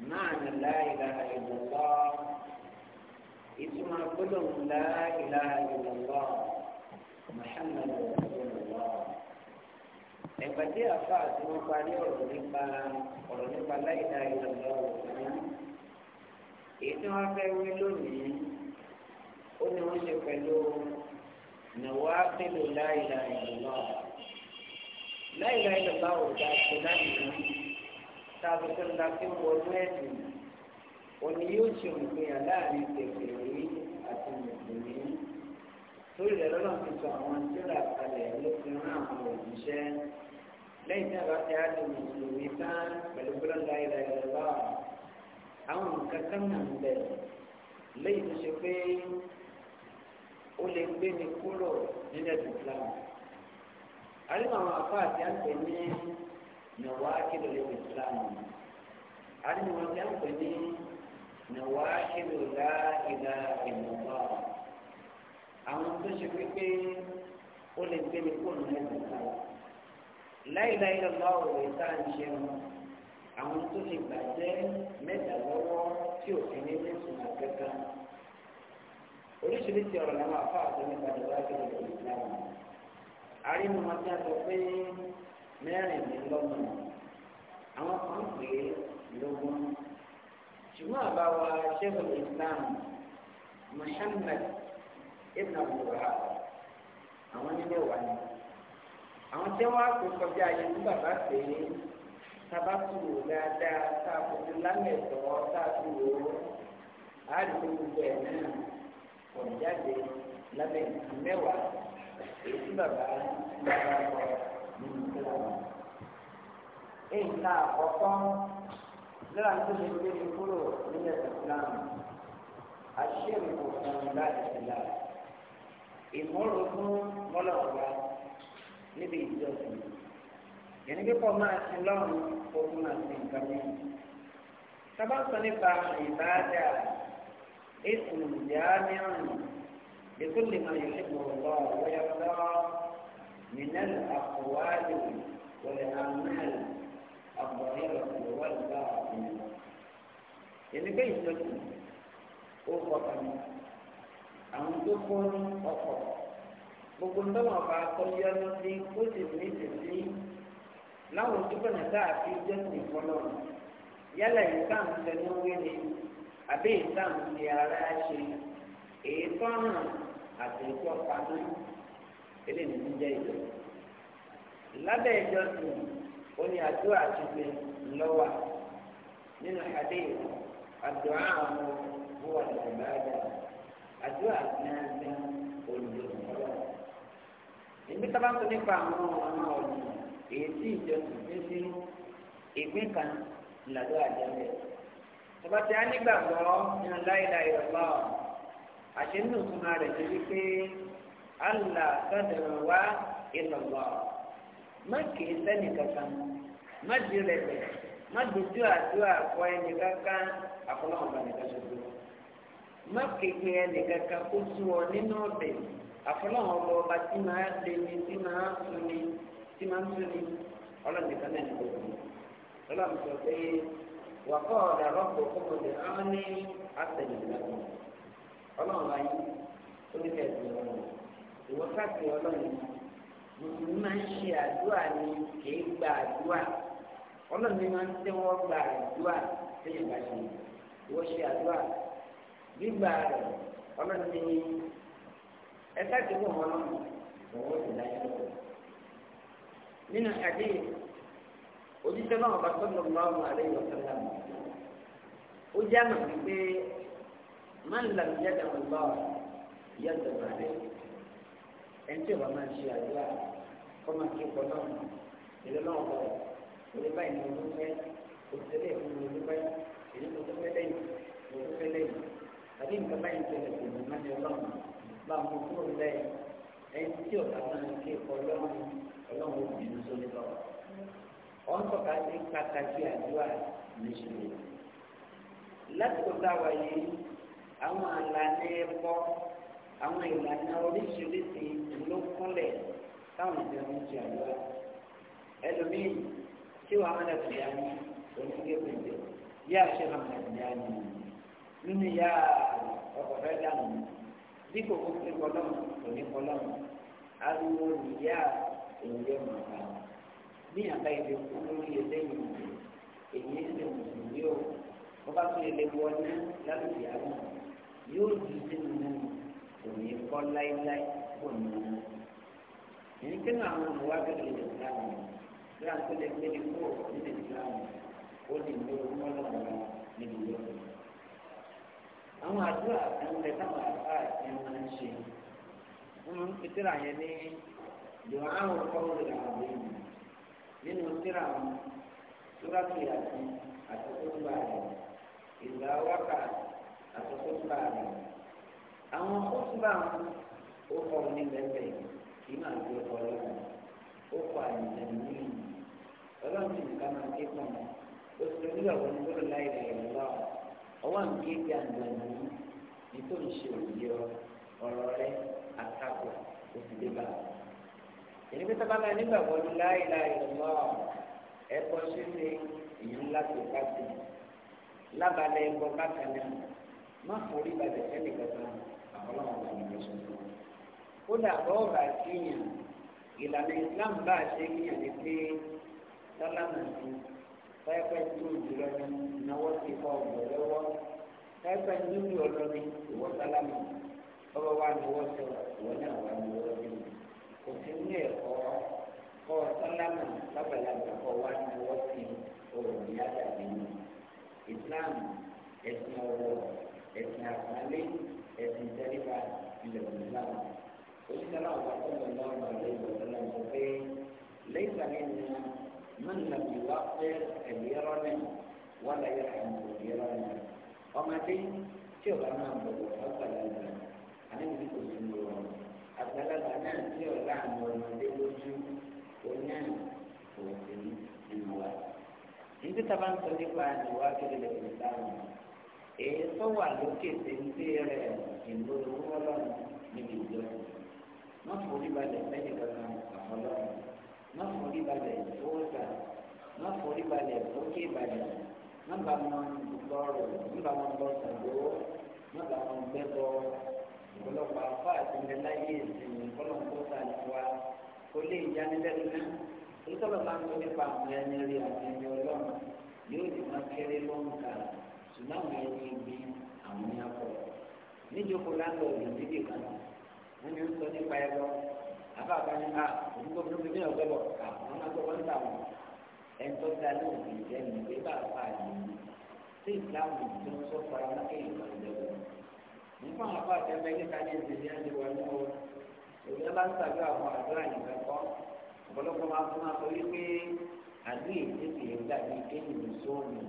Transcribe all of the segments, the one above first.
معنى لا إله إلا الله اسم كلهم لا إله إلا الله محمد رسول الله ẹgbàdí àfa àti wọn parí ọ̀rọ̀ nípa ọ̀rọ̀ nípa láìda ìlọlọ òfin èyí tí wọn fẹ́ wí lónìí ó ní wọn ṣe pẹ̀lú nàwa pẹ̀lú láìda ìlọlọ láìda ìlọlọ ò dáa tó láìda tàbí tó ń la fi wọnú ẹ̀sìn òní yóò ṣe òǹgbìyàn láàrin kèfèrí àti mùsùlùmí lórí ẹ̀rọ náà ti sọ àwọn tíra kalẹ̀ ló fi rán àwọn òṣìṣẹ́ lẹ́yìn tí a bá ti á di mùsùlùmí tán pẹ̀lú gbọ́dọ̀ láìra ẹ̀rọ bá àwọn nǹkan kan náà ń bẹ̀ lẹ́yìn tó ṣe pé ó lè gbé mi kúrò nílẹ̀ tó fúlàmù. àríwá àwọn afáàtì àgbẹ̀ ní نواكب الإسلام علم وتنقل نواكب لا إله إلا الله àwọn tó ṣe pípé ó lè gbé ní kóòlù mẹ́ta ká láìláì lọ́wọ́ òwe tá à ń ṣe wọn àwọn tó lè gbàjẹ́ mẹ́ta lọ́wọ́ tí òfin ní mẹ́sùn àkẹ́kọ̀ọ́ oríṣiríṣi ọ̀rọ̀ làwọn afáàtọ́ nípa ìwádìí ìlú ìlànà àrínú wọn tí a pé mẹ́rìnlélọ́gbọ̀n àwọn kan pè é lógún ṣùgbọ́n àbáwá sheikhul islam muhammad ibn abdulwahab àwọn nílé wà ní àwọn tí wọ́n á kó kọjá ayé ní bàbá pè é tabakuru dáadáa táàbùkù lámẹ̀tọ́ táàbùkù àdùn bẹ́ẹ̀ náà ọ̀jáde lábẹ́ mẹ́wàá èyí tí bàbá bàbá kọ nínú ìlànà nǹkan àkọ́kọ́ lọ́la tó lè gbé mi kúrò nílẹ̀ islam àṣírí kò fún mi láti sílá ìmúrogún mọ́lọ́ọ̀gá níbi ìjọsìn yẹn ní kọ́ máa ti lọ́rùn kó tún máa ti nǹkan mi. sábà nípa ìbáàdà èsùn ìyáàmíràn لكل ما يحبه الله ويرضاه من الأقوال والأعمال àgbọ̀nyẹ́rọ̀ ló wà nígbà àbúrò. èmi pé ìtọ́jú ó kọta mi àwọn tó kún ọkọ̀ gbogbo ńlọ́wọ́ bá kọ́lé ọ́nà sí ó sì ní tètè láwọn tó bẹ̀rẹ̀ sáà fi jẹ́sìn fọlọ́ yálà ìta ń tẹnu wíni àbí ìta ń fi ara ṣe èyí tó hàn àti ìtọ́ pamọ́ eléyìí ti jẹ́ ìjọ lábẹ́ ìjọ sùn ó ní àdúrà ṣíṣe ńlọ́wà nínú hadith àdúrà àwọn búwa ìbàdà àdúrà gbẹ̀ngàn olùdókòwò. Ìgbé tábà ń sọ nípa àwọn ọmọ ọ̀nà èyí tí ìjọsìn fi sí ìpín kan ìlàdó àjẹmẹ. Tọ́ba ti á nígbàgbọ́ nínú láìláì ọ̀pá ọ̀ àṣẹ nínú ìtumá rẹ̀ ti wí pé Allah sọ̀dọ̀ wá ìlọ̀gbọ̀ má kèé sẹ́ni kankan má di rẹ̀pẹ̀ má dojú àdúrà àkọ́ ẹni kankan àfọlọ́mọba nìkan ṣoṣo má kéke ẹni kankan kó sú ọ nínú ọ̀bẹ àfọlọ́mọba ọba tí máa lé ní tí máa sún ní tí máa sún ní ọlọ́nìkan náà nìkan ṣoṣo ọlọ́run sọ pé wà kọ́ ọ̀dà rọ́pò kọ́mọdé àwọn ní àtẹ̀yìnlẹ́kùn ọlọ́run ayé ó ní kẹ́ẹ̀sì mùsùlùmí máa ń ṣe àdúrà ni kìí gba àdúrà ọlọ́run ni máa ń tẹ́wọ́ gba àdúrà sẹ́yìn bá ṣe wọ́n ṣe àdúrà gbígbà rẹ̀ ọlọ́run ni ẹ káàkiri wọn wọn lọ́wọ́ sì láyé lọ́wọ́ nínú àdéhùn òjíṣẹ́ náà bá tọ́jú ọmọ àwọn àlẹ́ ìwọ̀sán lánàá ó já mọ̀ wípé máa ń làmìjáde àwọn ọmọ ìyá ìjọba rẹ̀ ẹni tí ìwà máa ń ṣe àdúrà kó máa ké pọ̀ náà ìlú náà bọ̀ òní báyìí ni mo fẹ́ òṣèlè fún mi ló fẹ́ èyí mo fẹ́ lẹ́yìn mo fẹ́ lẹ́yìn tàbí nǹkan báyìí tẹ̀lé kò ní má ní ọlọ́run bá mo kúrò lẹ́yìn ẹni tí ọ̀gá máa ké pọ̀ ọlọ́run ọlọ́run ò bínú sórí lọ. wọ́n tọ́ka sí pàtàkì àdúrà níṣẹ́ àwọn ìlànà oríṣiríṣi ló kúnlẹ̀ táwọn ìjọ ń ṣe àdúrà ẹlòmíì tí wàá máa dàgbé ya ní onígbègbè jẹ yá ṣe máa dàgbé ya ní nínú yá ọkọ̀ fẹ́ dànù bí kò kó pé kọlọ́mù kò ní kọlọ́mù ariwo nìyá èyí ọmọ àgbà ní àbá ìdè kú lórí eléyìí èyí ṣe mùsùlùmí o wọ́n bá tún ilé wọlé lálùbí àwọn yóò di sínú náà kò ní kọ́ láíláí kò ní í. èyí kí náà àwọn olùwádìí lè lè dá mi bí a ti lè gbé ní kó nílé ìsìlámù ó lè lo mọ́lọ́mọ́lá níbi yóò. àwọn àdúrà ẹnlẹ táwọn àbá ẹ máa ń ṣe wọn ń pitira yẹn ní dùn áwọn kọ́wé làwọn èèyàn nínú tíra wọn túrọ́tì àti àtọ́kùnbà rẹ̀ ìgbà wákà àtọ́kùnbà rẹ̀ àwọn kótóbà ó kọ ní bẹ́ẹ̀ kí máa gbé ọlọ́run ó kọ àyìnlẹ̀ nìyí ọlọ́run ti nìkan máa ké pọ̀ mọ́ ó sì lórí àwọn onígbòrò láì rẹ̀ lọ́wọ́ ọwọ́ mi ké bí àgbà nìyí ní tó ń ṣe òye ọ̀rọ̀ rẹ̀ àtàkùn ó sì dé bá a. èyí pé sábàbà nígbàgbọ́ ní láì láì lọ́wọ́ ẹ̀kọ́ ṣíṣe èyí ńlá tó bá ti lábàlẹ̀ ẹ̀kọ́ bákan náà má forí balẹ̀ sẹ́nìkan náà ọlọ́run ọba nìyẹn sọ fún wa. ìlànà islam bá a ṣe kíyàn ní pé sálámà sí pẹ́pẹ́ tó jùlọ ní ìnáwó ti kọ́ ọ̀gbọ̀ lọ́wọ́ pẹ́pẹ́ nínú ọ̀dọ́ ní ìwọ sálámà ọba wa ni wọ́n sọ ìwọ náà wà ní wọ́n sí kò sí ní ẹ̀kọ́ kọ́ sálámà lábàlábà kọ́ wa ni wọ́n sí òòrùn yàtà nínú islam ẹ̀sìn ọ̀rọ̀ ẹ̀sìn àpálẹ́ ẹ̀sìn tẹ́lifà ilẹ̀ islam òṣìṣẹ́ náà wà sọ́dọ̀ náà wà lẹ́yìn ọ̀sẹ̀lá sọ pé lẹ́yìn sàmìnà mọ́n nà bí wá pé ẹ̀mí ẹ̀rọ náà wà láyé àmì òbí ẹ̀rọ náà ọmọdé tí ọba náà bọ̀ wọ̀ ọ̀gbàlagbà àníbi kò sí ní wọn àgbàlagbà náà tí ọ̀la àmì ọmọdé lójú oní àmì òsì nínú wa èyí tó wà lókè téńté rẹ̀ ìlú ọlọ́run níbi ìjọ wọ́n forí balẹ̀ lẹ́yìn kankan àfọlọ́run wọ́n forí balẹ̀ fóòsà wọ́n forí balẹ̀ fókè balẹ̀ wọ́n bá wọn gbọ́rọ̀ wọ́n bá wọn gbọ́ sàgbó wọ́n bá wọn gbẹ́bọ̀ ọ̀pọ̀lọpọ̀ afọ àti ìrẹ́láyé ìsinmi kọ́lọ́ńkó sàlùwà kò lè yánilẹ́nu náà ìtọ́lọ̀ máa ń tó nípa àwọn ẹni rí àti ẹni ọlọ́run yóò dì máa kéré ló ń ṣùgbọ́n àwọn ẹni bí àwọn ní akọ níjókòó láńlọ ọ̀gbìn dídì kan wọ́n ní ń sọ nípa ẹ̀rọ àbáàbá ní a ah, òun kò fún mi ní ọ̀gbẹ́ bọ̀ ká ah, wọ́n máa gbọ́ wọ́n ń tà wọ́n ẹni tó dá lóhùn kì í jẹ́ mi pé bá a fà yìí sí ìsìláàmù tó ń sọ fara mọ́ kéèyàn kan lẹ́wọ̀ nípa àwọn afọ àtẹ́fẹ́ níta ní ìdílé ẹni wọ ní wọn bá ń sàgbé ọ̀pọ̀lọpọ̀ máa fún wa sọ wípé àdúrà ìdíje ìgbà ní kéèyàn ló sóòrùn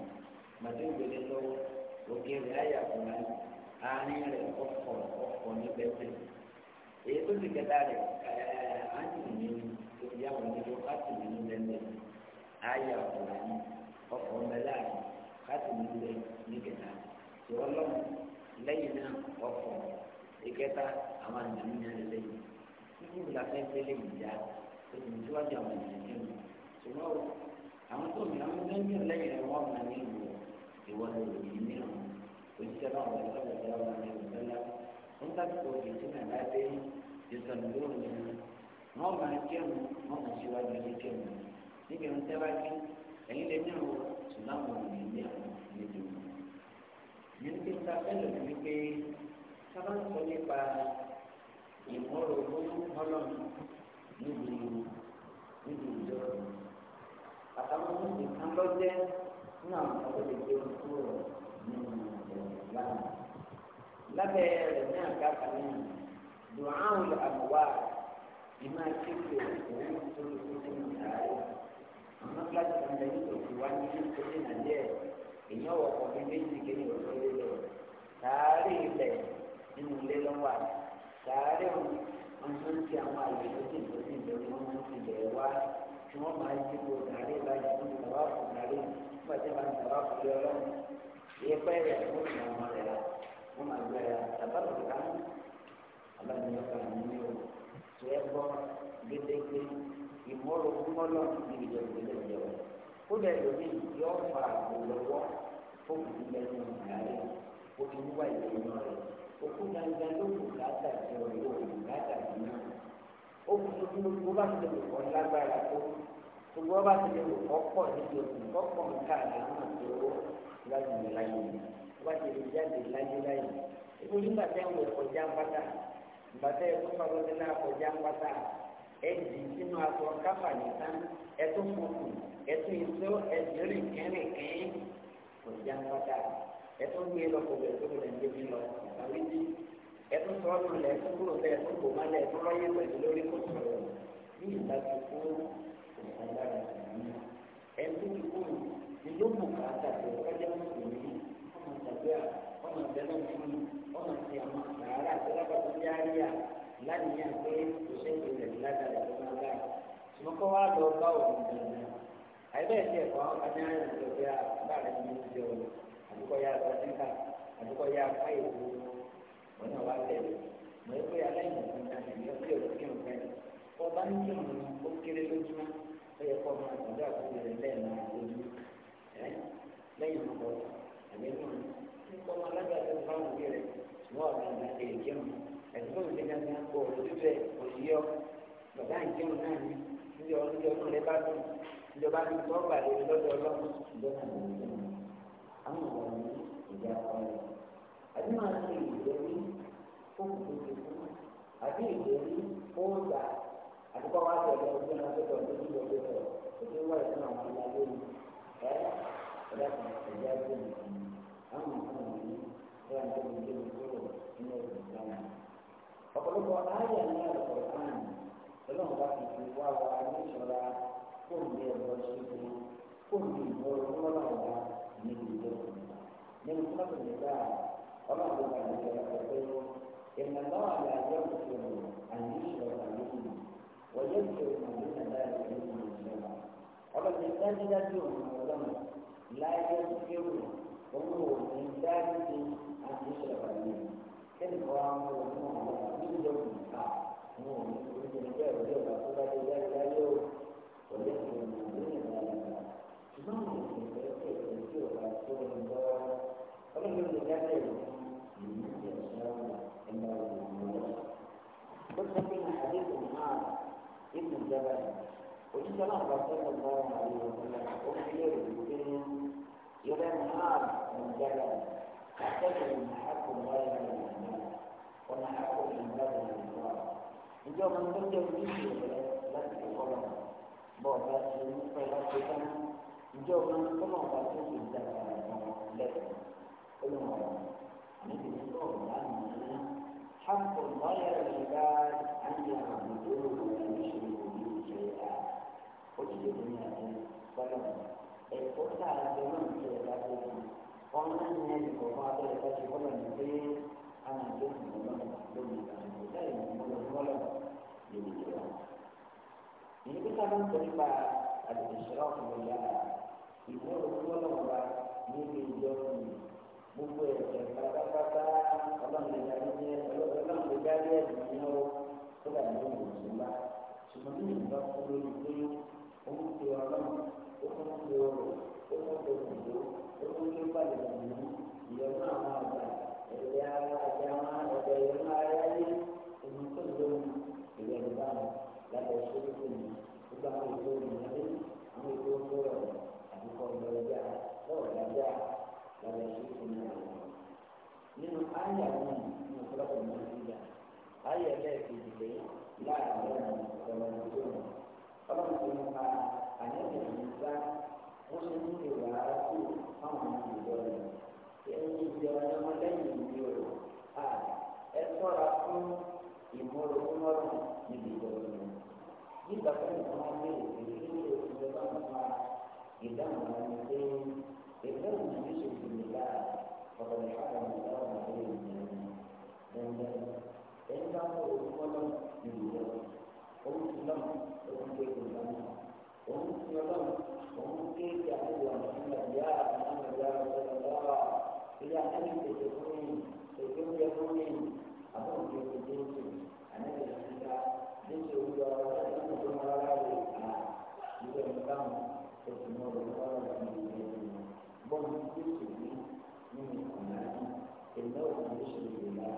màtí ìgbèlè lọ́wọ́ òkè rẹ̀ àyàkùnrin àárín rẹ̀ ọkọ̀ ọkọ̀ ní bẹ́tẹ̀. èyí tó ti kẹta rẹ̀ àtìmí ìyàwó nílò àtìmí ní bẹ́tẹ̀ àyàkùnrin ọkọ̀ mẹ́lá àtìmí bẹ́ ní kẹta. tí ọlọ́mù lẹ́yìn náà ọkọ̀ ìkẹta àwọn àjàmí náà lè lẹ́yìn. kíkú la fẹ́ tẹ́lẹ̀ ìyá ètò ìtúwájú àwọn ènìyàn ṣùgbọ́n àwọn tó ń lọ lẹ́yìn rẹ̀ wọ́n mọ̀ ní ìwọ́n ní ìlú mìíràn òṣìṣẹ́ náà wọ́n lọ́wọ́ ìjọba wọn ní ìmọ̀lá ń tàbíkọ ìdíjìnà láti ìsọ̀nùdúró ni wọ́n máa kírun wọ́n máa ṣíwájú ní kírun níbi ohun tẹ́ bá kí ẹ̀yin lè ní àwọn ṣùgbọ́n àwọn ò ní ní àwọn ìlú nínú bí ta fẹ́lẹ̀ ní wípé sábà ń sọ nípa ìmọ̀ràn owó ọlọ́run níbi níbi ìjọ àtàwọn ohun ìkan lọ́jẹ́ nínú àwọn ọ̀dọ́ lè gbé wọn kúrò nínú ìrìn lánàá. lábẹ́ rẹ̀ ní àgbàkà náà dùn áhùn àbúwá ìmọ̀ àkékè òun tó ń tó ń sáré. àwọn kíláàsì kan lè ní òkú wá ní ìṣẹ́jú nàìjíríà èèyàn wọ̀ ọ̀pọ̀ bíi méjì kéde òkú lélẹ̀ sáré ilẹ̀ nínú ilé lọ́wọ́ sáré òun wọn tún ti àwọn àyè tó ti tó ti lè wọn ti lè wá tí wọn máa ń yíwò sáré báyìí wọn ti fún sáré yìí pàṣẹ máa ń sọ̀rọ̀ àkùdé ọlọ́run ìyẹn pẹ́ rẹ̀ ó sì máa mọ rẹ̀ wọ́n máa gbé rẹ̀ tàbátò kan abániyàn kan ní o tó ẹ gbọ́ gédégbé ìmọ̀rò kúmọ́lọ́ ìdílé ìjọba ìjọba ó lè lómi yọ fà lọ́wọ́ fún ìdílé ìjọba rẹ̀ ó ti wúwa ìdílé rẹ̀ òkú gangan ló kù káàtà tí ọ̀rẹ́ òkú káàtà tí náà ó kú tó kú ló bá ti lè kọ́ gbogbo ọba ti lè wò kọ́kọ́ níbi òkú kọ́kọ́ nǹkan àdáhùn tó láyé láyé ọba ti lè jáde láyé láyé ebi nígbà tẹ́ ń wò kọjá pátá nígbà tẹ́ ẹ tún fọwọ́ sí náà kọjá pátá ẹ dì sínú aṣọ káfà nìkan ẹ tún fòkù ẹ tún ìṣó ẹ lórí kẹ́rìnkẹ́rìn kọjá pátá ẹ tún gbé lọ kọjá tó lọ ní ebi lọ ìpàwé bí ẹ sọ ọ́nù lẹ̀ ẹ kúrò bẹ́ẹ̀ ẹ kò má lẹ̀ ẹ tún lọ́yẹ́ pẹ̀lú lórí kòtò ní ìsàlára ìsàlámù ẹtú ìkórè ni ló mú káàtà tó kájà mùsùlùmí ọmọ tàbíà ọmọ ìbẹ́lẹ̀ mùsùlùmí ọmọ ti àwọn àrà àtọ́lábà tó yá yá lánìyàn pé òṣèlú rẹ̀ ládàá rẹ̀ tó máa gbà ṣùgbọ́n wá lọ bá òun dandan àìbẹ́ẹ̀ tí ẹ̀kọ́ ajá ń lọ bí a bá rẹ̀ ní ìjọ àdúgbò yá lọ síta àdúgbò yá káyọ̀ wọn náà wá tẹ̀lé mọ̀ ẹ́ pé aláìmọ̀ kan náà ẹ̀yọ́ kí ọ̀rọ̀ kí ọ̀rọ̀ ó kéré lójúmọ́ ó yẹ kó máa gbàdúrà fún rẹ̀ lẹ́ẹ̀mọ ojú lẹ́yìn ọ̀pọ̀ àgbẹ̀mọ̀ kó máa lágbàdo fáwọn òbí rẹ̀ ṣùgbọ́n ọ̀gá àgbà èrè jẹun ẹ̀sùn òun ti gàgà kó o lójú bẹ́ẹ̀ kò sí ọ bàbá ìjẹun náà ni níbi ọ̀rọ̀ níbi ọdún rẹ̀ bá dùn ìjọba ti tọ́ gbà lórí lọ́dọ̀ ọlọ́run ìjọba ní ìjà àdúgbò wa ti ọ̀dọ̀ ọdún náà tó tọ̀dọ̀ ní ìlú ọdún sọ̀rọ̀ tó ti wá àwọn ọmọ ilé mi ẹ kan ẹ̀yà ẹgbẹ́ mi àwọn nǹkan wọ̀nyí tó wà nípa ìdílé mi kúrò nínú ọdún ìlànà. ọ̀pọ̀lọpọ̀ ayé ní àlọ́ ọ̀hán ọlọ́run bá ti fi wá wa ní ìṣọ́ra fóònù ní ẹ̀rọ ṣíṣe fóònù ìmọ̀ràn ọlọ́run wa ní ìlú ọdún nínú sọ́ọ̀tù nígbà ọlọ́run bá ti fi wá pẹ̀lú ìrìnàlọ́wọ́ àlàyé ọ̀sẹ̀ àyíṣọ́ àyè ويذكر ما دون ذلك من الشرع ọlọ́run ní dájúdájú òun ọlọ́run láyé kéwù òun ò ní dájú ní àtúnṣe ọ̀rẹ́ kẹ́ni kọ́ àwọn ọmọ òun ọ̀rọ̀ níjọ́ kùn ká òun ò ní oúnjẹ bẹ́ẹ̀ ọjọ́ ìgbà tó bá dé dájúdájú. ابن الجبل وجد له صلى الله عليه وسلم أخبر بكل يوم نهار من جبل تعتبر محب الله من الناس ومحب العباد من الله ìjọ kan tó jẹ ojúṣe rẹ láti kọ́kọ́ bọ̀ bá ṣe ń pẹ́ láti tán ìjọ kan tó mọ̀ bá tó ṣe ìjàkadì kan lẹ́kọ̀ọ́ ó lọ́wọ́ àmì ìdílé náà láàmú náà. حق غير العباد أن يعبدوه ويشركوا به شيئا قلت لبنيانه ولم القرآن على زمن سيداتهم ومن النبي وفاضل التي قل النبي أنا جسم ولم أحكم لا يمكن ولم يمكن ini kita kan terima ada isyraf kemuliaan itu Rasulullah Allah ini dia buku yang berkata-kata Allah menjadinya dájú ẹ̀sìn sí lọ́wọ́ tó dà ní ìlú ìṣúná ṣùgbọ́n ní ìgbà fún lórí pé ó ń pe ọlọ́run ó ń pe ọrọ̀ ó ń pe òdòdó ó ń pe pàdé ìlú ìyọnu àwọn àgbà ẹ̀yà àti àwọn ọ̀dọ̀ ìyọnu aráyé èmi tó ń lóhun ìwé ìgbà mi lábẹ́ iṣẹ́ tó mi gbogbo àwọn ètò ìrìnàlẹ́ àwọn ètò ìfọ̀rọ̀ àbíkọ́ ìlọ́jà lọ́wọ́ ìlọ́jà lábẹ́ iṣẹ́ tó mi nínú ayé àwọn ìfọ̀rọ̀ ìmọ̀lẹ́ ayé lẹ́ẹ̀kejì lé láàrin ọ̀rọ̀ ọlọ́run tó ń pa àyẹ̀wò ìgbà ó ṣe ń lè wà á kú fáwọn ìjọ rẹ̀ ẹni ìjọ ọmọlẹ́yìn ìbí o à ẹ sọ́ra fún ìmọ̀lọ́kúnmọ́rún níbi ìjọ rẹ̀ nígbà tó ń pọn lé èyí ní oṣù tó bá ń pa ìdáhùn àti pé ẹgbẹ́ òun ní ṣèṣì nígbà ọ̀pọ̀lọpọ̀ àwọn ìdáhùn àti ìdáhùn ẹni bá mọ orúkọ náà ìlú rẹ òun ti náà òun gbé ìlú náà òun ti náà òun gbé ìjà tó wà nínú ìyá àwọn ìyá ọ̀sọ̀rọ̀ ilé akéwì tètè fún mi tètè ń jẹ fún mi àbọ̀ òkè tètè ń sè ànáyè ìdíkà lóṣù olùdó ọ̀rọ̀ láti fún mi rárá rè à ìwé ìbámu tètè mọ orúkọ náà ìlú rẹ bọ́ọ̀lù tó sì ní nínú ìkànnì ìnáwó ìṣèlú ìlú rẹ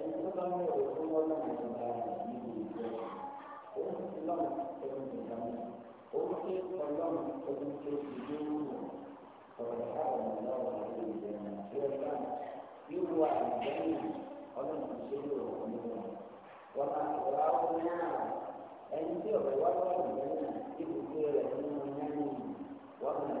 ẹni tó bá ń lọ fún wọn náà ní ìgbà yìí ní ìgbà ó ń lọ́nà ẹni ìgbà mi ó ń ké ọlọ́run ẹni tó ti dé wúwo ọ̀rọ̀ àwọn ọlọ́run àti ìgbà tí ó bá yíwu àgbẹ̀yìn ọlọ́run ṣe lè wọ̀ ní wọn. wọn á wọ àwọn náà ẹni tí ọ̀rẹ́ wá bá ìgbẹ́yìn ibùdó rẹ̀ nínú wọn náà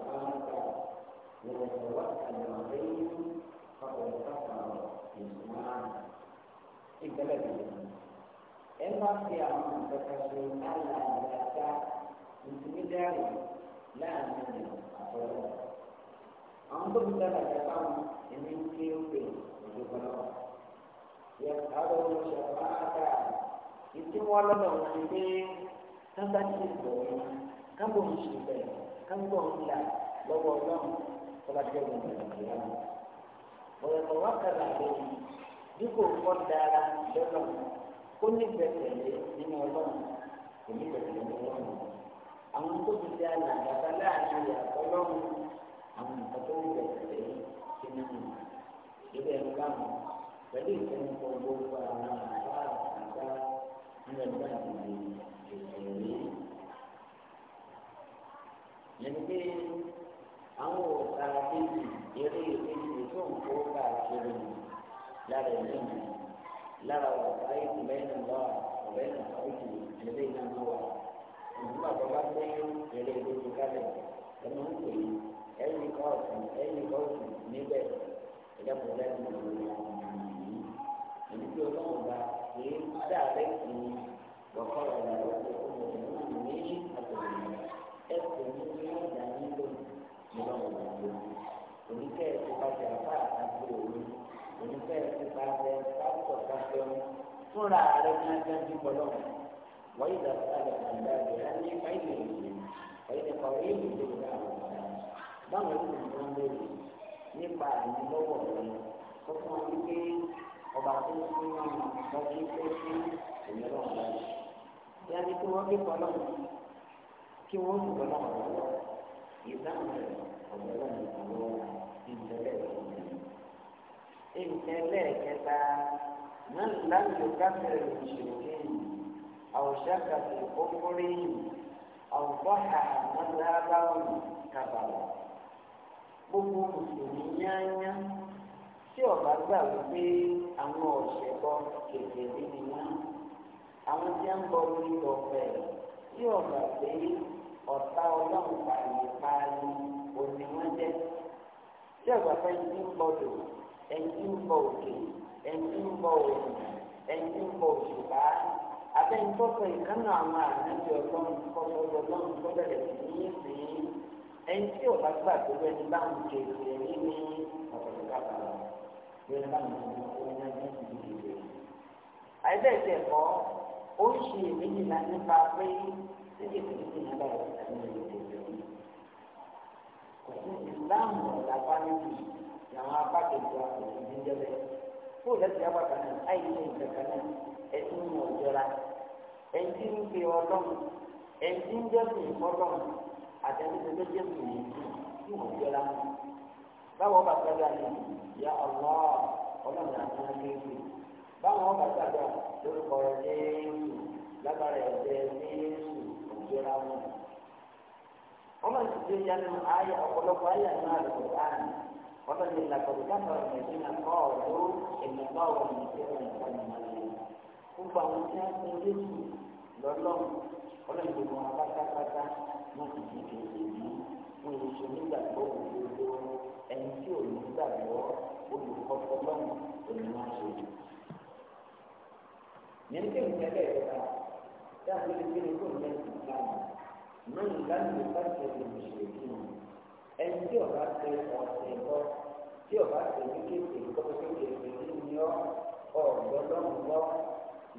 ومن توكل على غيره فقد كفر بالإيمان ìgbẹ́lẹ̀dì ẹ má fi àwọn ìfẹsẹ̀sọ aláàbàtà ìtìmídẹ́rì láàrin rẹ̀ àtọ́lọ́. àwọn tó tọ́ba jẹ́ ọmọ ìgbàlódé wa. ọ̀rọ̀ wa kàrà lórí dípò kọ́ dára lọ́nà kó nígbẹ̀tẹ̀lé nínú ọlọ́run kò nígbẹ̀tẹ̀lé nínú ọlọ́run. àwọn tó ti di alàgbàtà láàrin ìyàtọ̀ lọ́run àwọn nǹkan tó nígbẹ̀tẹ̀lé sí nínú ìbẹ̀ ń bá wọn pẹ̀lú ìfẹ́nukọ gbogbo àwọn àgbà àgbà nínú ẹgbẹ́ àgbègbè ìṣẹ̀lẹ̀ yìí àwọn ọ̀gá méjì eré méjì tó ń kó káàkiri lára ẹ̀mí mi lára ọ̀gá ìlú lẹ́nu lọ ọ̀rẹ́ náà méjì eré nínú wa ìdúgbà tó bá pé eré méjì kálẹ̀ ẹnu ń pè é ẹ̀yìn kọ́ọ̀tù ẹ̀yìn kọ́ọ̀tù níbẹ̀ ìdẹ́kùn lẹ́nu ìlú ìlú tí ọlọ́run bá kì í dáàbẹ̀ kì í wọ́kọ́ ọ̀gá ọ̀gá ọ̀gá ọ̀gá ọ̀gá ọ̀gá ọ̀gá nínú ọ̀nà ìlú oníkẹ́ ìfipájà bá àgbẹ̀ òru oníkẹ́ ìfipájà sáfọ̀ sáfẹ́ wọn fúnra rẹ̀ ní ajájú bọ́lọ́ wọ́n yìí dàbí àgbẹ̀ àgbẹ̀ àgbẹ̀ á ní fáìlì ìlú ẹ̀yìn kan èyí ló ń gbà wọ́n báwọn ènìyàn ń lò lè nípa ìlọ́wọ́ rẹ̀ tó fún wọn wípé ọba tó ń fún wọn lọ sí pé sí ìmọ̀lọ́ ọ̀la yìí. ìyá ni kí wọ́n gbé bọ́lọ́ kí wọ́n sì ìdáhùn ọ̀gbọ́n àwọn ìjọba ìjọba. ìtẹ̀lẹ̀ kẹta náà láti káfíńsì ìṣòkè àwòṣàkà sí kókórè àwòbáhà mọ́tàbáwọn kàbàlà. gbogbo mùsùlùmí yányá tí ọba gbà wípé àwọn ọ̀sẹ̀ bọ́ kékeré ni wọ́n àwọn tí wọ́n ń bọ orí ọ̀pẹ tí ọba pé ọ̀tá ọlọ́run pààyè pààyè òní wọn jẹ́. tí ọ̀gá fẹ́ ti ń bọ̀ dò ẹni tí ń bọ̀ òkè ẹni tí ń bọ̀ òòrùn ẹni tí ń bọ̀ òṣùpá abẹ́ni tọ́sọ ìkànnà àwọn ànábi ọlọ́run kọ́sọ́ ọlọ́run tó bẹ̀rẹ̀ sí ní ìsìn ẹni tí ọ̀gá gbà tó bẹ́ẹ̀ ní báwọn kèrè rẹ̀ nínú ọ̀pọ̀lọpọ̀ kàkàrà bẹ́ẹ̀ báwọn Jadi mungkin ada yang menyebutkan. Khusus Islam dapat ini yang apa kita menjadi. Boleh siapa kanan, ayat yang itu menjelaskan. Ẹnjí ń pe ọlọ́run, ẹnjí ń jẹ́ fún ìfọ́lọ́run, àtẹnudọ́ tó jẹ́ fún ìyẹn tí wọ́n jẹ́ lánàá. Báwo bá sábà ní ìyá ọ̀lá ọlọ́run Lágbára ẹ̀ ní ìlú? jọra wọn wọn máa ti di ìyanu ayé ọ̀pọ̀lọpọ̀ ayé àná àlùkò dáhùn wọn bá lè làkọ̀dé káfà ọ̀rọ̀ ìdílé kọ́ ọ̀rọ̀ èmi bá ọ̀rọ̀ ìdílé wọn ìgbà nìyẹn lé gbogbo àwọn tí wọn fún yéésù lọ́lọ́run ọlọ́run gbogbo wọn pátápátá wọn ti di kéde yìí wọn ò sọ nígbàgbọ́ òdodo ẹni tí ò ní gbàgbọ́ olùkọ́ fọlọ́run òní wọn ṣe dáàbò lè gbé kó ní ẹsùn láàmú mẹ́rin láti lè bá ṣe lè ṣe kí ni ẹni tí ọba ṣe ọ̀sẹ̀ kọ́ tí ọba ṣe ní kéèké kọ́kọ́ kéèké ní ní ọ ọ̀gbọ́ lọ́mú bọ́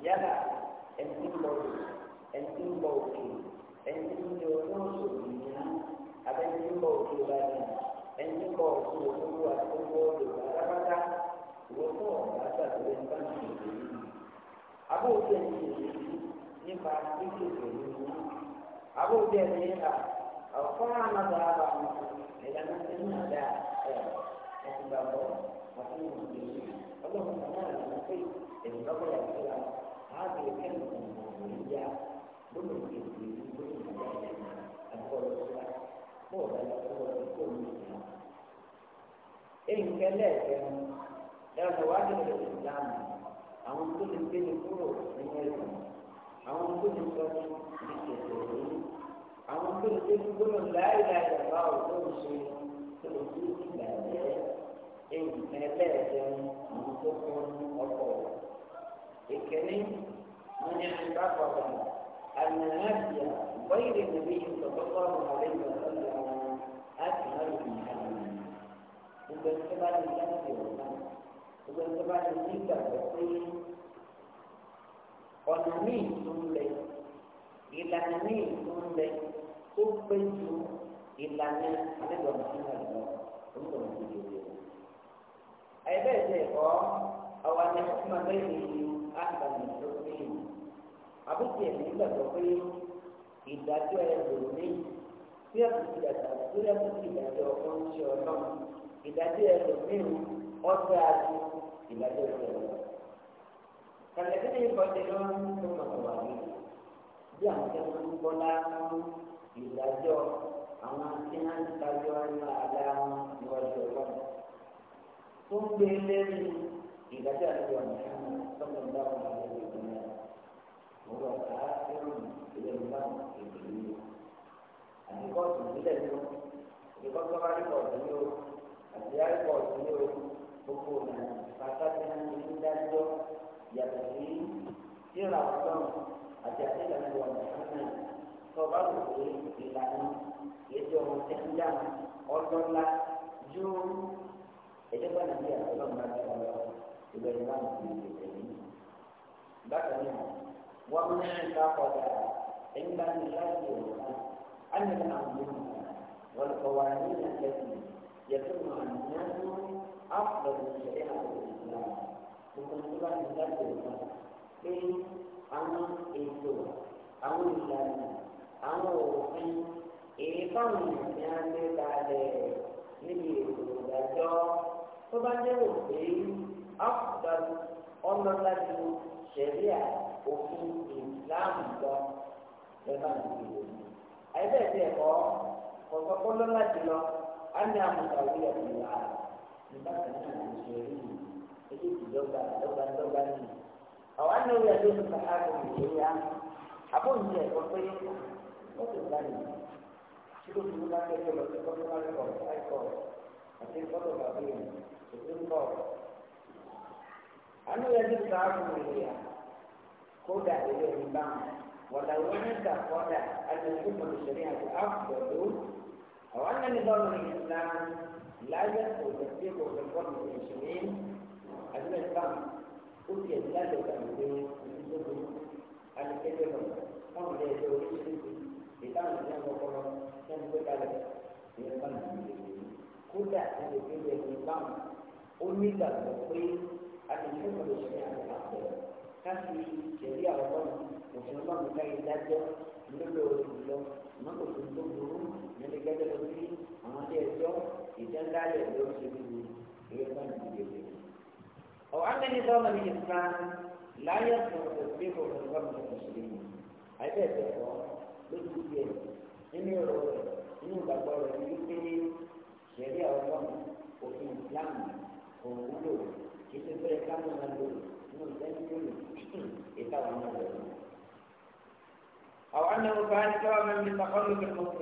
yálà ẹni tí ń lọ òkè ẹni tí ń lọ òkè ẹni tí ń lọ olóòṣù nìyí abẹ́ni tí ń lọ òkè báyìí ẹni tí ń lọ òkè olówó àti owó olówó alábàtà ìwọ́pọ̀ àgbàdo ẹni bá ń ṣe èyí. abóòkè ẹni ṣe èyí nípa títí ìlú wọn. àbúrò ẹni yẹn kà ọ̀fọ́ àmàgbà àbà wọn ìlànà tí ń dà ẹ̀ ẹ̀sìn gbàgbọ́ àti ìmọ̀lẹ́yìn ọlọ́run náà lè mọ̀ pé èmi lọ́kọ̀ yà sí wa á bè kẹ́lù ọ̀hún ìyá lónìí ìgbè ìgbè ìgbè ìgbè wájú ìlú ìlànà àwọn tó lè gbé ní kúrò nínú ẹ̀sìn àwọn tó ní sọ ní ìṣẹ̀lẹ̀ yìí àwọn tó ní sọ ní gbọ́dọ̀ láìláì bàbá òkú ṣe tó lè fi ìgbà jẹ́ èyí ẹlẹ́ẹ̀jẹ̀ àwọn tó fún ọkọ̀ ìkẹ́ni wọn ni àgbà pàpà ànàmásìá bọ́ìlì nàbí ìsọ̀tọ́kọ́ ọ̀rẹ́ ìgbàlódé àwọn láti má lè fi hàn mí. gbogbo ẹni tó bá ti dáhùn ìwọ̀n náà gbogbo ẹni tó bá ti ní ìgbàgbọ́ pé ọ̀nà míì tó ń lẹ ìlànà míì tó ń lẹ tó pé ju ìlànà àlejò àmàlà lọ orúkọ mi ti dòwe o. àyẹ̀bẹ́ẹ̀ ṣe ẹ̀kọ́ àwọn ẹni tó máa bẹ́ẹ̀ ní àgbàlẹ̀ tó ní ìlú àbúkí ẹ̀mí gbàgbọ́ pé ìdájọ́ ẹ̀rọ mi tí a ti dàgbà tí a ti ti ìdájọ́ oúnjẹ ọ̀nà ìdájọ́ ẹ̀rọ mi ọ̀dà àti ìdájọ́ ẹ̀rọ mi kàlẹ́kẹ́lẹ́ ìbọ̀dẹ̀lọ́ tó mọ̀tò wà ní bí àwọn tí wọ́n ń bọ́lá fún ìdájọ́ àwọn tí wọ́n ń dájọ́ nínú àlá wọn níwájú ọlọ́run tó ń gbé lérí ìdájọ́ àti ọ̀nà tọ́mọ ìdáwọ̀ àwọn ìgbìmọ̀ mo wà ká fẹ́ràn ilé ìgbà ìgbìmọ̀ yìí àti kóòtù nílẹ̀ tó ìkọ́ tó bá rí kóòtù yìí o àti ayé kóòtù yìí o gbogbo ọ̀nà pàtàkì náà ní dájọ́ yàtọ̀ sí ríra ọlọ́run àti àtẹ̀lẹ́ ní wọn nìkan tó bá wù pé ìlànà ètò ọmọ tẹ́ńdà ọlọ́lá ju ẹ̀dẹ́gbọ́n nàbí àtọ́lọ́run bá tẹ̀lé lọ ìgbẹ́ ìlànà ti ìgbẹ́ yìí. bákan náà wọ́n ní ìta kọjá ẹ̀ńdà ní láti ìrọ̀lá ánìkan àwọn والقوانين التي يتم عنها أفضل شريعة الإسلام gbogbo tó bá ti dáàbò wọn pé àwọn ètò àwọn ìlànà àwọn òfin èyí fáwọn ènìyàn á gbé kalẹ̀ níbi ètò ìdájọ́ tó bá lérò pé ọ̀pọ̀ ọlọ́lá ju ṣẹ̀ríà òfin ìsìláàmù lọ lẹ́nu àgbègbè yìí. àìbẹ́ẹ̀ tí ẹ̀kọ́ kọ̀ọ̀kan ọlọ́lá jùlọ á ní àmọ̀tàwé ẹ̀kọ́ ìlà nígbà tí wọ́n ń ṣe rí i eléyìí dọ́gba dọ́gba dọ́gba ni àwọn anáwó yàtọ̀ nípa ààbò ìṣẹ̀yà abóyè ẹ̀kọ́ pé wọ́n ti gbà ní kíló tó ń bá kẹ́kẹ́ lọ sí kọ́tùmárì kọ̀ àìkọ̀ àti kọ́tù bàbá yẹn ètò ń bọ̀. anáwó yàtọ̀ nípa ààbò ìṣẹ̀yà kódà ilé ẹni bá wọn wọ́n wọ́n ń ta kọ́dà alùpùpù mọ̀lẹ́sẹ̀rẹ́ àti àpòlù àwọn anáwó yàtọ̀ nípa ààbò ìṣẹ̀yà láyé òṣèlú òṣèlú àdúrà ìbámu ó ti ẹ̀dí láti ọ̀gá ìgbé ìdílé burú alẹ́kẹ́jọ́ lọ káwọn ilé ẹjọ́ oríṣiríṣi ìdáhùn ìdílé ọkọ̀ọ̀rọ̀ sẹ́ni pé kalẹ̀ ìyẹn bá nàá lè kódà ẹni tó yẹ ní ìbámu ó ní ìgbàgbọ́ pé àtẹnudẹ́kọ̀ lè ṣe àwọn àgbẹ̀ káfí ìṣẹ̀lẹ̀ àwọn ọ̀nà òfin ọlọ́run káyé dájọ́ lọ́lọ́ ìlọ mọ́tò tó tó burú nílé gẹ́gẹ́ lọ sí àwọn ilé ẹjọ́ ìjẹ́ńdálẹ̀ lóṣèlú ìyẹn bá nàá lè أو أن نظام الإسلام لا يصلح تطبيقه نظام المسلمين هذا يقول lójú bí ẹ nínú ìrọ̀ rẹ̀ nínú ìgbàgbọ́ rẹ̀ ní wípé ṣẹ̀rí ọlọ́run òfin ìsìláàmù òun wúlò kí ṣe fẹ́ káwọn máa lò nínú ìdẹ́nu lò ìta wọn máa lò. àwọn ọ̀nà ọba ní kí wọ́n máa ń bá ọlọ́run lọ́wọ́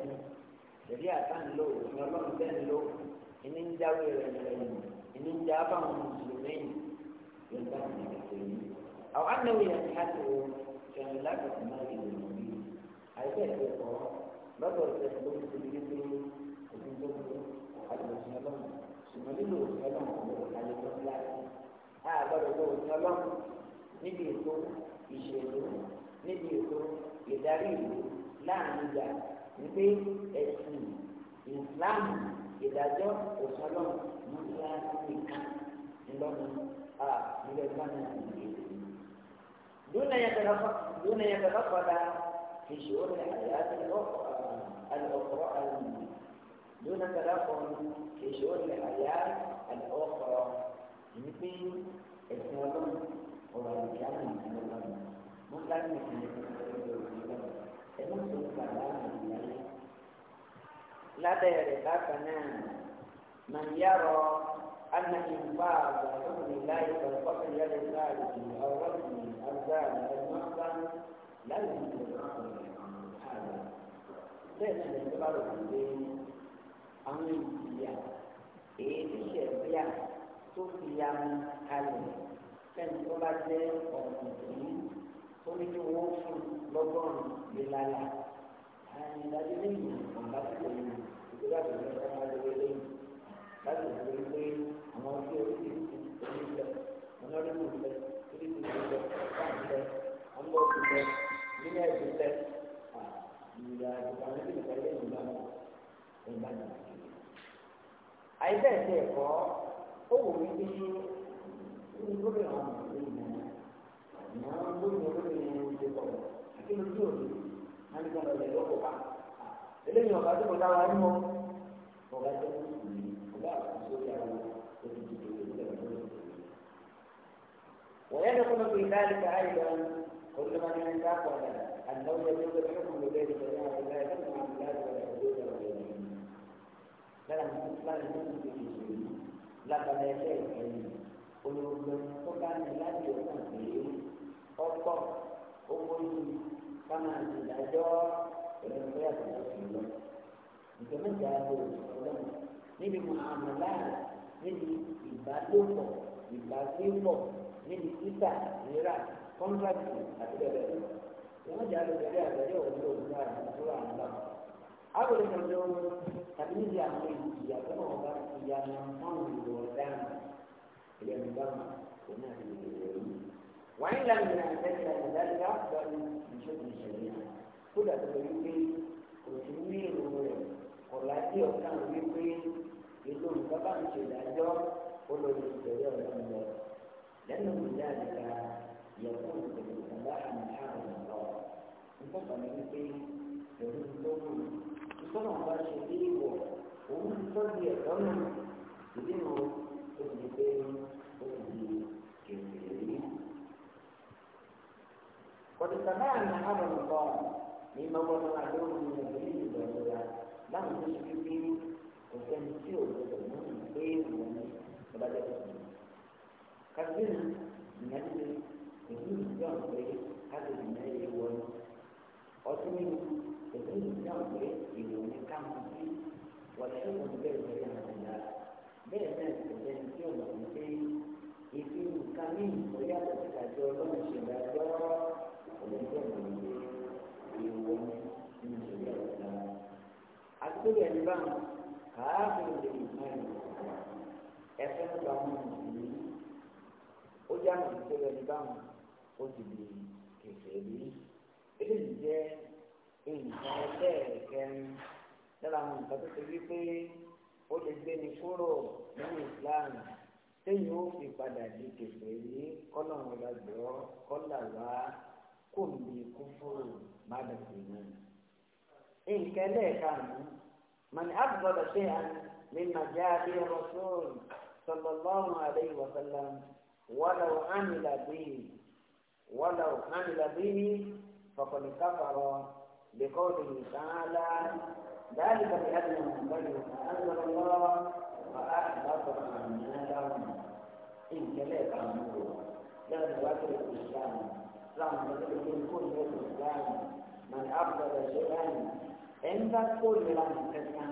sí ẹ̀rí àtàǹlò ní ọlọ́run bẹ́ẹ̀ ló ẹni ń jáwé rẹ̀ lẹ́yìn ẹni ń já báwọn mùsùlùmí yóò bá wọn lọ́wọ́ yìí. àwọn anáwó yẹn ti hàtì wo kẹrin lágbàtà máa yẹ lọ bí àìsí ẹ̀sẹ̀ kọ́ lọ́dọ̀ ọ̀sẹ̀ tó ń ti di pé òfin tó kú àjọṣin ọlọ́run ṣùgbọ́n lílo òfin ọlọ́run kò ayé tó ń láti. a gbọ́dọ̀ lọ òfin ọlọ́run níbi ètò ìṣèlú níbi ètò ìdarí ìlú láàrin ìgbà wípé ẹ̀sìn ìsìláàmù ìdájọ́ òṣèlú mọ́tíláṣí nìkan ńlọ́nà nílẹ̀ ìsìláàmù ìdílé. دون يتنقل في شؤون الحياة الأخرى دون تدخل في شؤون الحياة الأخرى مثل السلام والكلام من الله ẹ má tó gbà láàmú ìyáyé lábẹ́ rẹ̀ bákan náà màá yàrá أن إنفاذ حكم الله كالقتل يد الثالث أو رجم أو زاد أو نقصا لا يمكن هذا لأن الاعتبار الدين أمر الدنيا èyí ṣẹ̀fíà tó fi ya mu kalẹ̀ fẹ́ni tó bá jẹ́ ọ̀sìn yìí ó ní kí wọ́n fún lọ́gọ́rùn-ún lé lálá àyìn ìdájọ́ lẹ́yìn ọ̀gá tó lè mú ìgbéga tó lè lẹ́yìn láti lè rí pé àwọn tí ó ti ti wọn lọ́dún tó lẹ̀ tó ti ti lẹ̀ káàkiri lẹ̀ wọn bọ̀ tó lẹ̀ nílẹ̀ tó lẹ̀ ìyá ìgbàlódé ìgbàlódé ìgbàlódé ìgbàlódé àyíbẹ̀ ẹ̀kọ́ ó wù mí bí ní gómìnà ọ̀hún ويدخل في ذلك ايضا كل من ينساك ولا ان لو يجوز الحكم لغير شريعه الله كما في ذلك ولا حدود ولا يمين لا لا يجوز في شيء لا بل يشاء الحليم قل ربنا فكان لا يؤمن به ọgbọ́n ogójì kama ìdájọ́ ìrẹ̀lẹ̀ àtúntò ìlú ìjọba ìdájọ́ ìṣòro níbi muhammadu níbi ìbálòpọ̀ ìbágbépọ̀ níbi títà rírà kọ́ńtàkì àti bẹ́ẹ̀ bẹ́ẹ̀ lọ. ìwọ́n jà lọ bẹ̀rẹ̀ àgbẹ̀rẹ̀ òun ló ń bá àwọn tó wà nígbà. àgbẹ̀rẹ̀ kan ló ń tàbí níbi àwọn ìjìyà tó náà bá ti ya mọ́ àwọn ìlú ọ̀daràn ìyẹn bá wọn kò náà ti lè rí. وإن لم ينتهي من ذلك بل بشكل شديد كل تقولي كتير ọ̀làjì ọ̀kan wípé ìlú ìjọba ń ṣe ìdájọ́ olórí ìṣẹ̀lẹ̀ ọ̀dọ́ lọ lẹ́nu ìjà àdìgá yẹ̀kú ìṣẹ̀lẹ̀ ìjọba àmì àrùn lọ nígbàgbọ́ ni wípé pẹ̀lú ìtọ́jú ìtọ́nà bá ṣe bí ìwọ̀ òun ti tọ́jú ẹ̀tọ́ náà ìdí nu oṣù pé oṣù kẹfẹ́ rí. قد سمعنا هذا المقال مما هو معلوم من الدليل البشرية لم تشك فيه وكان سيو المهم خير من وبدأ كثير من الناس يقول يوم خير هذا المال هو أصلي يقول يوم خير يقول كم فيه والحكم غير بيان الله bẹ́ẹ̀ náà kò sẹ́ni tí ọ̀nà ń pé ìfi nǹkan ní ìkọ́yàtọ̀ síta jọ ọlọ́run ṣèdájọ́ àtúntò ẹni bá ń káàbọ̀ lè má yẹ ẹfẹ́ ń gba wọn nìyí ó já mọ̀ àtúntò ẹni bá ń ó ti di kẹfẹ́ rí eléyìí jẹ́ nǹkan ẹlẹ́ẹ̀kẹrin lára àwọn nǹkan tó ti rí pé ó lè ni kúrò nínú Islam téèyàn ó fi padà di kẹfẹ́ rí kọ́nà ọ̀gá gbọ́ kọ́nà wá kò ní kú fún bàdà ìmọ̀ nǹkan ẹlẹ́ẹ̀karùn-ún màní àbùdọ̀dọ̀ ṣe à ní màjá bí rọ́sọ́ọ̀lù sallallahu alayhi wa sallam wàlọ̀ àmìlà bíi wàlọ̀ àmìlà bíi fọkànlẹ̀ káfàrọ̀ lẹ́kọ̀ọ́dù ìsáàlá ذلك بأدنى من بني أنزل الله فأحبط أعمالهم إن كليك عن نور لأن الإسلام láwọn ọ̀dọ́ tó ń kó ní ẹ̀sìn ìsìláàmù mà ní àbúrò ṣe láàmù ẹ̀ ń bá kó ìlera kẹta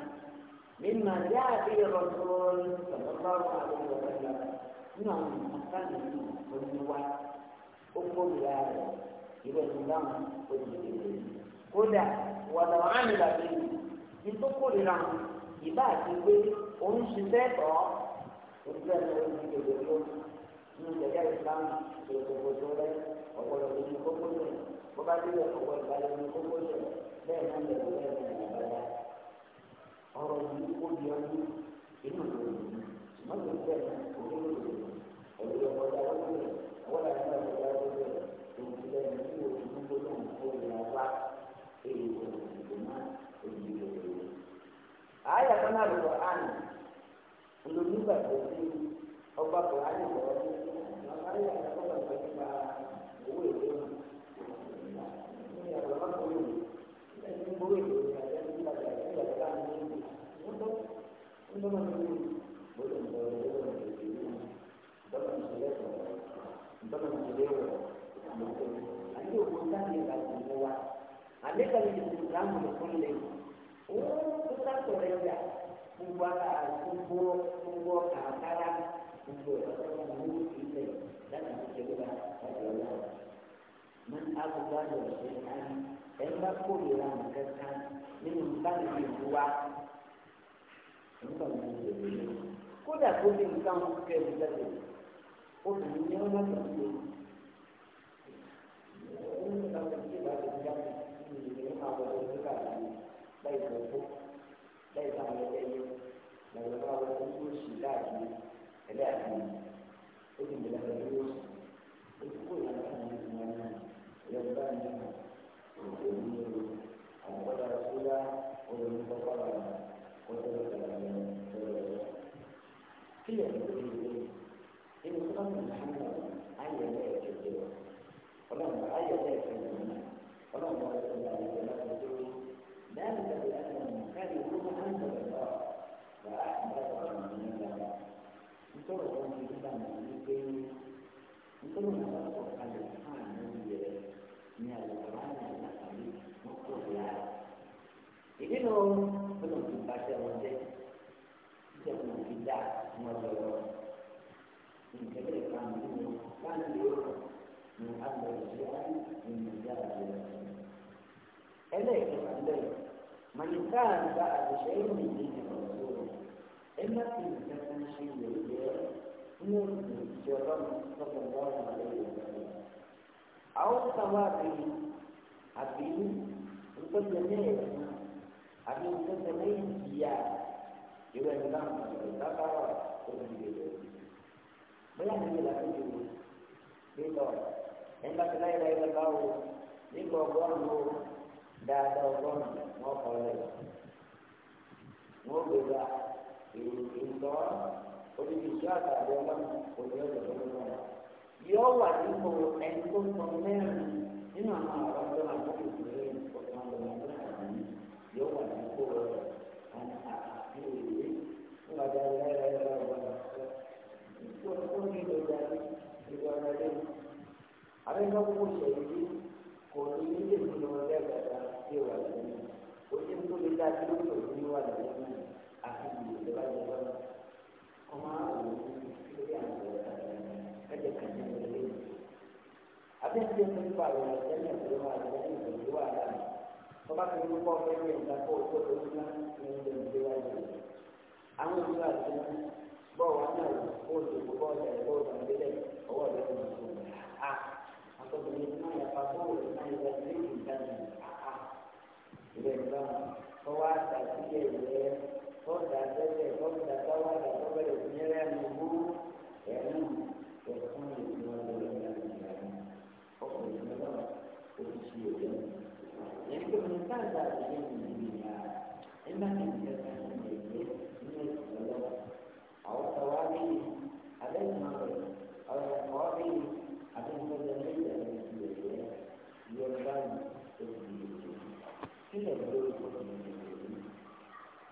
nínú àjẹ́ àti ìrọ̀tún sọ̀tọ́tọ́ àwọn ọ̀dọ́ nínú àwọn àkànnì òníwá ó kó ìlera rẹ̀ ìwé ìsìláàmù òjijì kódà wàdà wàhán ní làbí ìtó kó ìlera ìbá àti pé òun ṣiṣẹ́ tọ́ òun bẹ́ẹ̀ ló ń ṣe ní ìjẹ́jẹ́ ìsìlámù ṣe gbogbo tó rẹ ọ̀pọ̀lọ̀ ní ní kókó yẹn bó bá dé ọ̀pọ̀ ìbálẹ̀ ní kókó yẹn bẹ́ẹ̀ náà lè wọ́n bẹ́ẹ̀ ní ìbálẹ̀. ọ̀rọ̀ yìí ó di ọdún inú ìlú ṣùgbọ́n kò bẹ́ẹ̀ ní òkè lòdì ẹ̀rù ọ̀pọ̀lọ̀ ọ̀pọ̀lọ̀ ọ̀pọ̀lọ̀ ọ̀pọ̀lọ̀ ọ̀pọ̀lọ̀ ọ̀pọ̀lọ̀ ọ̀pọ̀lọ̀ ọ̀pọ̀lọ̀ ọgbà kùránì lọ́wọ́ ní ọ̀gá yà ní ọgbà tó ti gba owó èlé wọn ní ọ̀gá má kúrò ní ẹ̀ ní owó èlé wọn ní ọ̀gá tó ti gba ìgbà tí ìyàwó bá ní ìlú ń bọ́ ń bọ́ ní ìlú bọ́lá ń bọ̀ owó wọn ní ìlú bọ́lá ń ṣe lẹ́sọ̀ bọ́lá ń ṣe lẹ́wọ̀ àti òkú sáàmì ìgbàgbọ́ ní wa àlékàlì ìdìbò sáàmì ìkúnlẹ̀ owó tó sáàtọ̀ rẹ̀ gbà gbogbo ara gbogbo gbogbo kàkàrà gbogbo ọ̀rọ̀ ọ̀rọ̀ ní ìfẹ́ láti fi ṣe wíwá láti ọ̀la. Mọ àbúgbà lọ ṣe àná ẹ̀ ń bá kórìíra nǹkan nínú báyìí ìlú wa. Nígbà wo ni ìlú yẹn? Kódà kó ní nǹkan kẹ́rù lẹ́sẹ̀, obìnrin Ó ti ní ìlú máa wọ ọdún nígbà yìí láì bọ̀ bá àwọn ẹyẹ lọ́wọ́ ẹlẹ àti ó ti gbẹdẹ pẹ̀lú ó ti kó ìlànà fún mi ní wọn náà ẹlẹ bá mi ní òkè mi ní ọgbọdọ sódà olùkọ́ kọlọ wà bí àbí ìtọ́jú lẹ́yìn àbí ìtọ́jú lẹ́yìn ìyá ìwé nígbà mọ̀lẹ́ dábàá òbíye rẹ̀. bóyá níbi làbí ìwé nílọ ẹ̀ńdá ti láyé láyé lọ́ba o nílọ ọgọ́rùn-ún o dáadáa ọgọ́rùn-ún wọn kọ́ lẹ̀. wọ́n gbé wa èrò ìtọ́ oníbi iṣẹ́ àtàlẹ́ ọlọ́run òní ọ̀dọ̀ lọ́wọ́ náà yóò wà nípò ẹni tó sọ mẹ́rin nínú àwọn àwọn ọ̀dọ́ àwọn òṣèré ọ̀sán ọ̀dọ́ àwọn àmì yóò wà nípò àwọn àti òṣèré nígbà tí a lè rẹ̀ rẹ̀ wà lọ́sọ̀. Ìṣó tó ní ìgbà tí ìgbà rẹ̀ lé. Abẹ́gbẹ́ kó ṣẹ̀lẹ̀ yìí kò ní ilé ìlú ọ̀dẹ́ gbàgbà tí ó wà lẹ́yìn. Ó ti ń tó lé dájú lórí òṣèré wà lẹ́yìn àti ìgbà tí Ọmọ àwọn òṣèré àbí ẹni tí ó ti pa àwọn ẹ̀jẹ̀ ní ìlú wa ẹ̀jẹ̀ ní ìlú wa rà ní. tó bá ti ní pọ́ọ̀fẹ́ ní ìgbà kó o tó lórí náà ní ìlú ìlú wa yìí. àwọn ìlú àti bọ́ọ̀ wa náà ó lè kó bọ́ọ̀ lẹ̀ bọ́ọ̀ lọ délẹ̀ ọwọ́ rẹ̀ ló ń sọ. a àtọ́kùnrin náà yàtọ̀ bọ́ọ̀lù náà yẹ kí ìdáná ilé ìgbà tó wá tàbí ẹ̀yẹ tó dà tẹ́lẹ̀ tó dà táwọn àgbà tó bẹ̀rẹ̀ sí ní rẹ̀ mú ẹ̀rù ẹ̀fún Jadi kebenaran dari dunia, emak yang berkata ini ini Allah. Awak tawabi, ada yang mahu, awak tawabi, ada yang berjanji dari dunia, yang lain itu Kita perlu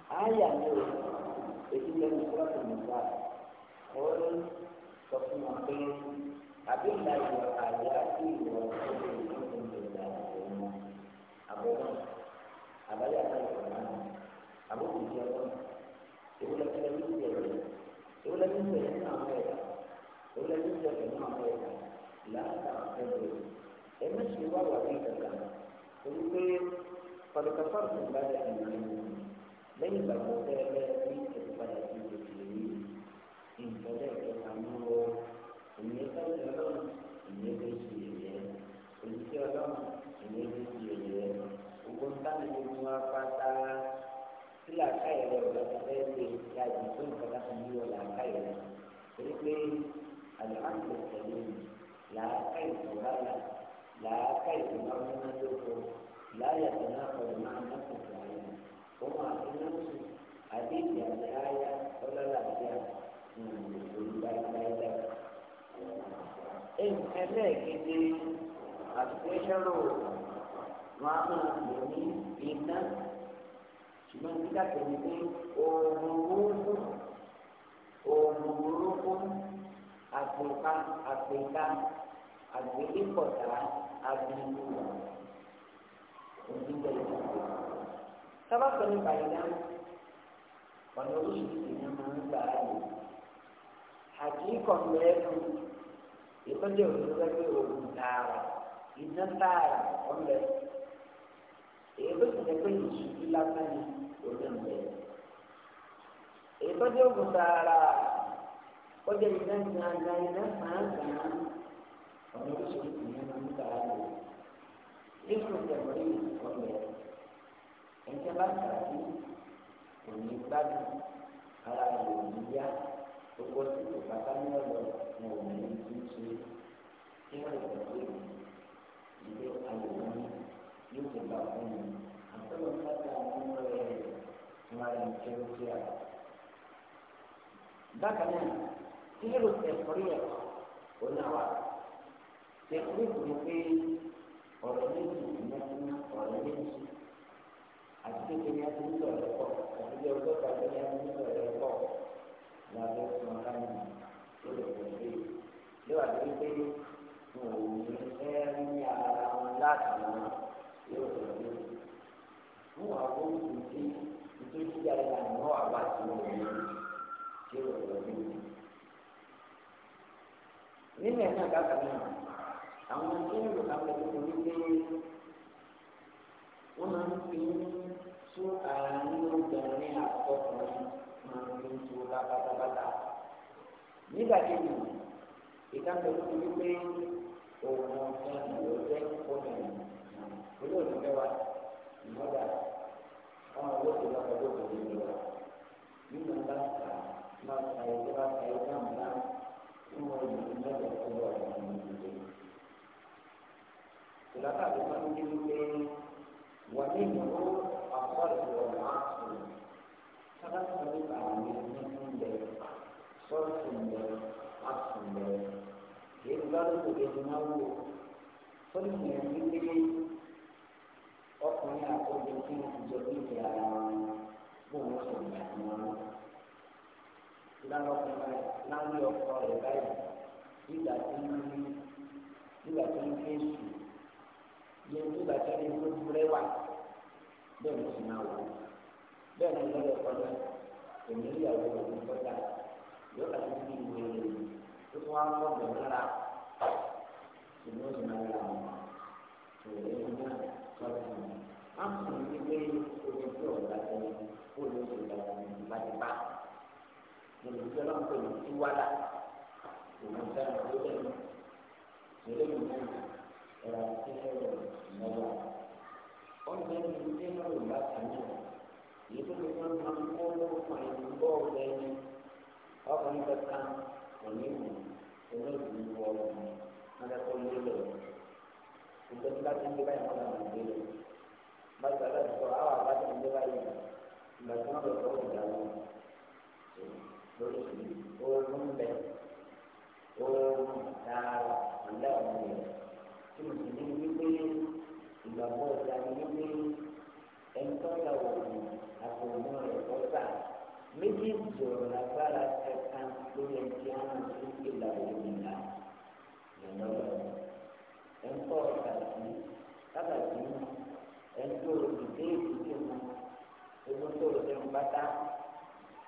Ayat itu itu dari surat Al-Nisa. Orang sokong apa? Abi Allah wa ayati wa àbẹ̀wọ̀n àbálẹ̀ àbálẹ̀ kọ̀ọ̀mọ́nà àbókù ìjẹ́ ọ̀nà ìwúlẹ̀ tí wọ́n ti bẹ̀rẹ̀ ìwúlẹ̀ tí wọ́n ti náà mọ̀ ẹ̀dá ìwúlẹ̀ tí wọ́n ti náà mọ̀ ẹ̀dá láàkà ẹ̀dọ̀ ẹ̀mí sì wá wà ní ìdàgbà torí pé pàdùkàfàrù ti bá yà ní ìlú lẹ́yìn ìgbàgbọ́ bẹ́ẹ̀ bẹ́ẹ̀ ní ìtẹ̀síwájú ti المرسلين لا كيف ولا لا كيف مرمته لا يتناقض مع نفس العلم وما في نفس حديث الآية ولا لا ẹlẹ́ẹ̀kejì àtúnṣẹ́rò máa ń lò ní iná ṣùgbọ́n nígbà tó ní pé oògùn burúkú oògùn burúkú àgbéká àgbéká àgbélépọ̀tà àgbélúwà òdìgbò ìdìbò. sábà sọ nípa ìdá ọ̀nà oríṣiríṣi ni wọ́n ń gbà á lò. àkíkọ̀ mẹ́rin ìtọ́jú òṣìṣẹ́ pé òògùn tààrà iná tààrà ọ̀lẹ́ èyí tó ti jẹ́ pé ìṣubú lásán ni òògùn mẹ́rin. ìtọ́jú òògùn tààrà kọjá ìdá ní àgbà ìdá pàápàá ọ̀nà oṣù ìyẹn máa ń gbà á lò lẹ́kọ̀ọ́ tẹ̀wọ́n ní ẹ̀jẹ̀ bá tàbí òní gbádùn ara rẹ̀ òní yá gbogbo tí kò bá bá ní ọ̀dọ̀ ní òní tuntun tí wọ́n lè pè é ilé ayọ̀wọ́ ní yóò ti bá fún mi àtọ́lọ́ sábà nínú rẹ̀ máa ń kéré sí àgbà. bákan náà تفسير التقرير قلنا واحد تقرير مفيد ورميز مثنى ورميز àti kékeré àti nígbà rẹ pọ àti bí ọjọ́ kékeré àti nígbà rẹ pọ lábẹ́ fún ọ̀la ní ìlú ìgbàgbé yóò wà lórí pé wọn ò ní ẹ́ ní ara wọn láti wọn. bákan náà àwọn tí ń lò lápẹ̀lú wọn ní pé wọ́n máa ń fi ń tú àárín obìnrin àtọkùnrin máa ń fi ń tú lábátabátà. nígbà kejì ìdápẹ̀lú wọn ní pé òun ọ̀sán ìwé jẹ́ obìnrin olóòtú mẹ́wàá ìmọ̀dà ọmọ olóòtú lọ́kọ̀ọ́ lóòtú nínú wa nínú bá ta máa ta ẹgbẹ́ bá ta ẹgbẹ́ náà Silakan dipanggil wa minhu afdal wal asr. Sangat sekali kami menyembel sol sumber asumber. Ibgal kudinawu sol menyembel ọkùnrin àkójọ tí wọn ti jọ ní ìyá ara wọn bó wọn sọ ìgbà tí wọn lọ lárọ́kùnrin láwọn ọkọ rẹ̀ báyìí nígbà tí wọ́n ní nígbà tí wọ́n fi ń sùn yẹ nígbà tí wọ́n ní gbogbo rẹ̀ wà bẹ́ẹ̀ ló ti máa wọ̀ bẹ́ẹ̀ ni lọ́dọ̀ ọkọ náà èmi ìyàwó òun kọjá yóò kà sí bí ìwé rẹ̀ tó tún wá ń bọ̀ bọ̀ lára ìlú ọ̀sìn náà yà wọ́n tó lè ní náà tọ́jú wọn. wọ́n sì ń gbé omi tí ọ̀gá tẹ̀lé kó ló ṣe ìdájọ́ nípa olùdíje náà ń pè ní tiwada òun sẹ́nu ló dé ní ìṣẹ̀lẹ̀ yìí náà ẹ̀rọ àti ẹ̀rọ ìnáwó ọ̀gbẹ́ ní ilé náà ló bá kàn yín tó lè fún ọmọ kó lóògùn ẹni bọ́ ọ̀gbẹ́ ni ọkùnrin kankan òní ìlú olóògùn ìlú ọ̀gbìn wọn lè kó lé lọ ìgbẹ́ tí bá ti ń gbé báyìí wọn làwọn gbé lọ bá ti bá ti sọ àwọn àbá ti ń gbé báyìí ìgbà tí wọn lọ sọ lórí oorun bẹ oorun dára ìlà òun yẹn tí mo sì ní wípé ìgbàgbọ́ ìta ni wípé ẹni tó ta òògùn àtòmọ́ rẹ̀ kọ́sà méjì ìjọba lágbára ẹ̀ka lórí ẹni tí a ń tún ìlà òun ìlà lọ́nà lọ́wọ́ ẹni tó ọ̀tà sí kábàtì mọ́ ẹni tó olùdíje ìdíje mọ́ ẹni tó olùdíje mọ́ pátá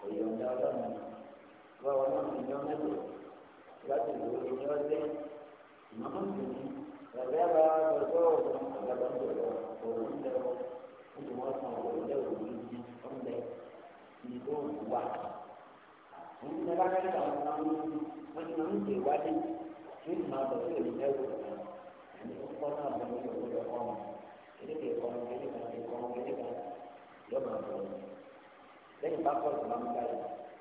òyìnbó ọlọ́run wá wọn náà ní ọjọ́ mẹ́tò láti lò ó ní ọjọ́ ìmọ̀mọ́ sì ní ẹ̀rẹ́ bá lọ́jọ́ ọ̀gbọ́n àgbàdo ọ̀gbọ́n òun ń lẹ́wọ́ ó sì wọ́n san owó ilé òun ní ọ̀nbẹ ìdìbò wà. wọ́n ti lọ́ba kẹ́kẹ́ àwọn ọmọ wọn ni wọ́n ń ṣe ìwádìí tí ó máa lọ sí òun lẹ́wọ́ ẹni tó kọ́ náà lọ́wọ́ ìwé ọkọ̀ wọn kéde kọ́mọ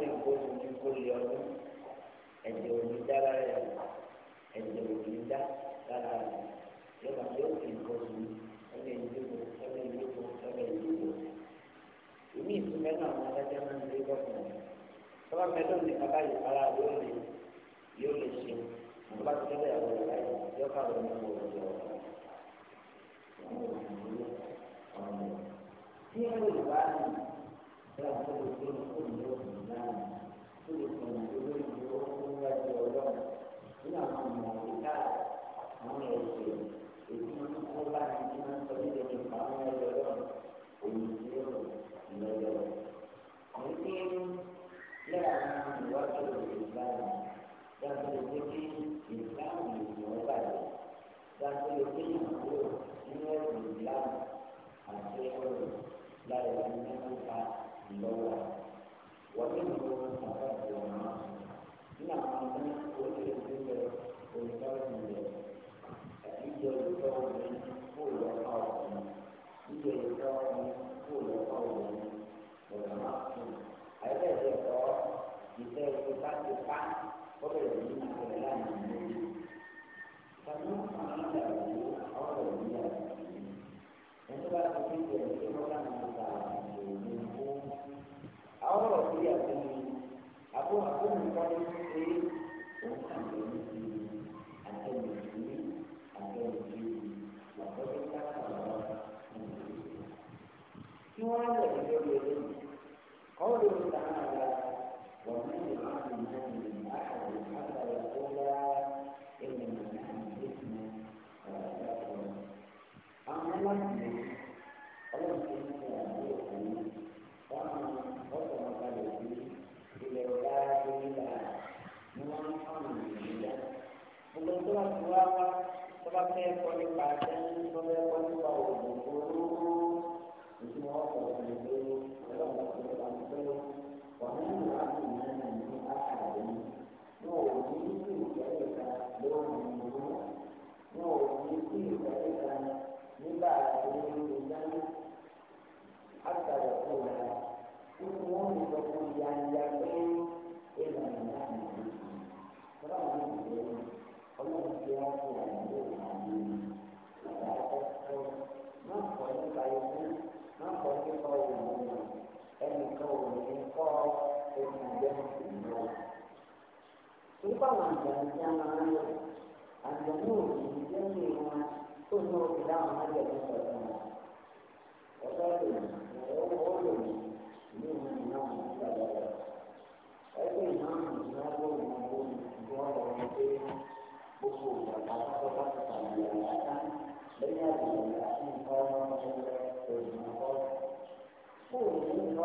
lè kó tuntun kó lè ọdún ẹ̀jẹ̀ òní dá lára rẹ̀ ẹ̀jẹ̀ òní dá lára rẹ̀ yọba tí ó fi kó tu ẹ̀jẹ̀ ìdìbò ẹ̀jẹ̀ ìdìbò ẹ̀jẹ̀ ìdìbò. ìmí ìtumẹ́ náà wọn adájọ́ máa ń lé bọ́ọ̀mù tọ́wọ́ mẹ́lò ní bàbá yìí para yóò lè yóò lè ṣe àwọn bá ti tẹ́lẹ̀ àwọn ìyá yìí yọ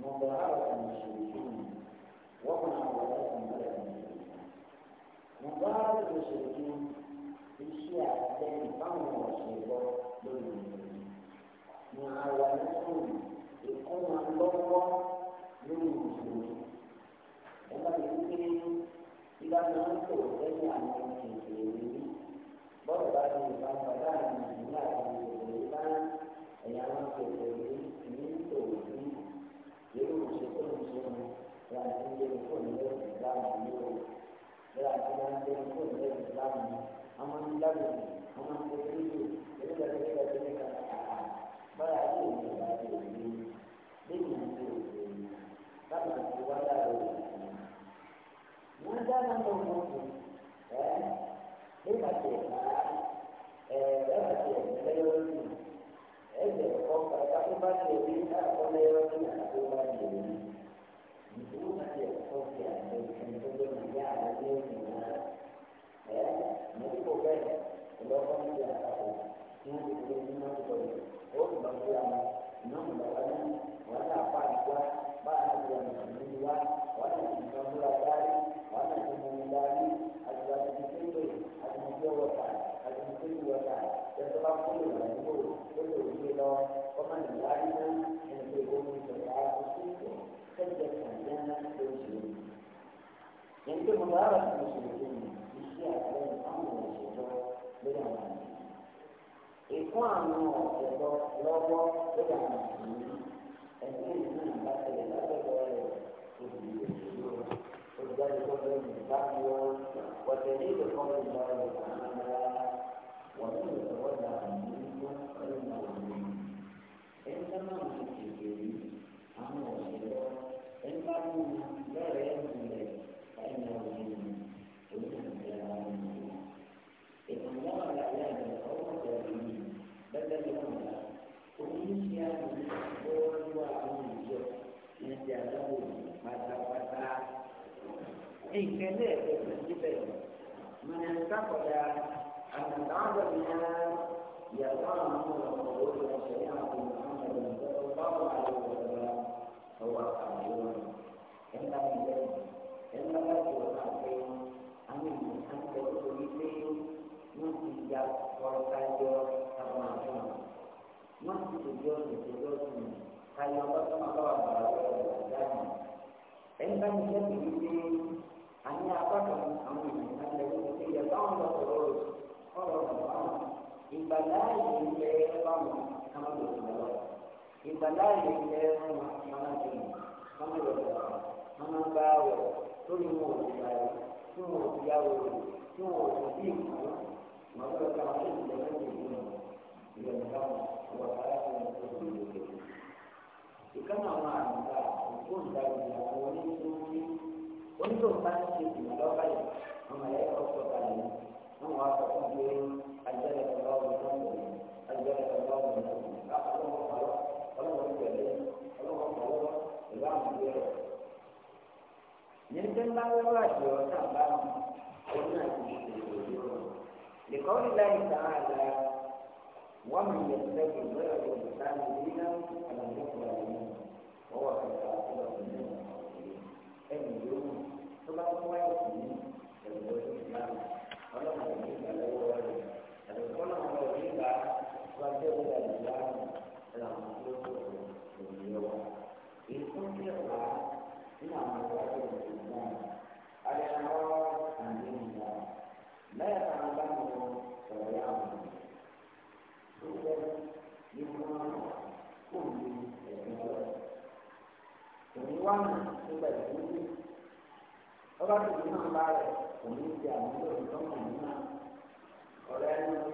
مضاهرة المشركين ومحاولات بلد المسلمين مضاهرة المشركين الشيعة التي قاموا الشيطان ضد المسلمين محاولتهم يقوم الله للمسلمين لما يمكن إذا ننظر إلى المسلمين برضه الإنسان فلا يمكن أن يكون الإنسان أيام الكفر yóò ṣe tó ń ṣe mu bí a ti ń lé nǹkan ìlú ìsìlámù yìí o bí a ti máa ń lé nǹkan ìlú ìsìlámù yìí a máa ń lábẹ́ a máa ń lé nílò nígbà tó ń lé ní kàkàkà báyà yóò ní ìgbà tó ń lé lẹ́yìn ìgbà tó ń lé láti fi wá dára o wọ́n dáná lọ wọ́n tó ẹ́ nígbà tó ẹ̀ ẹ̀ ẹ̀ bá tó ẹ̀ lẹ́yìn ẹ̀jẹ̀ ọkọ̀ àti bá ti ẹ̀rí àkọlẹ̀ ẹ̀rọ ní àti bá ti ẹ̀rí. Ìṣòro náà yẹ kọ́ sí àti ẹni tó lé ní yá àlẹ́ ní òkè náà. Ẹ̀ mọ̀ nípò bẹ́ẹ̀ ọlọ́kọ́ ní ìyá àtàkùn ìgbàláyè ilẹ̀ ẹ̀rọ̀mọ̀ kámẹ́lòmọ̀lọ́ ìgbàláyè ilẹ̀ ẹ̀rọ̀mọ̀ kámẹ́lòmọ̀lọ́ kámẹ́lòmọ̀lọ́ mọ́nà bá wọ̀ lórí wọn ò gbà yẹ tí wọn ò yá wọ̀ lò tí wọn ò sì bí ìkàwé màbúrò ká wọn sì lè lẹ́yìn ìlú nù ilẹ̀ ìdáhùn ọ̀wọ̀ ara fún mi tó ti lè ìkànnà àwọn àmì ta ògbóǹtarì àwọn oníṣòwò oníṣòwò أجلك الله بذنبه أجلك الله بذنبه أخذ الله خلاص ولا هو يجلس ولا هو خلاص إذا عم يجلس يمكن ما يواجه وتعبان قلنا لقول الله تعالى ومن يتبع غير الإنسان دينا فلن يقبل منه وهو في الآخرة من المخاطرين أن يوم ثم هو يؤمن بالدور الإسلام ولم يجد له ولد ọba tó ní máa ń bá rẹ̀ kò ní í ṣe àmúlò ìtọ́kùn náà. Kita berdoa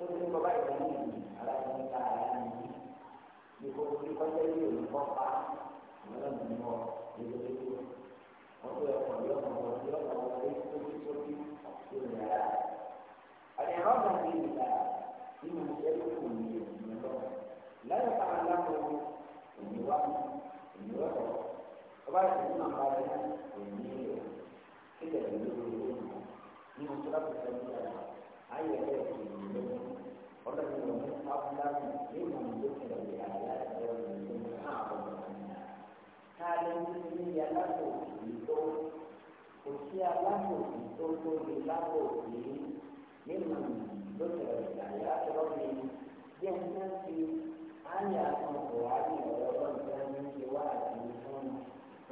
untuk membaik ini, alat ini kaya ini. Dikursi pada ini, kopa, malam menimau, itu itu. Waktu yang kondil, kondil, kondil, kondil, kondil, kondil, Ada yang orang yang ini, ini menjadi kondil, menimau. Lalu tak alam òní wá òní wá kọ̀ ọba yẹn ti máa bá rẹ náà òní rẹ kéde ẹ̀rọ ló ló ló nù ní oṣù láti sẹ́yìn ìjà ayé ẹ̀rọ ìlú ló mú ọ̀dọ̀ hanya kan kuwari da yawan ganin cewa a cikin sun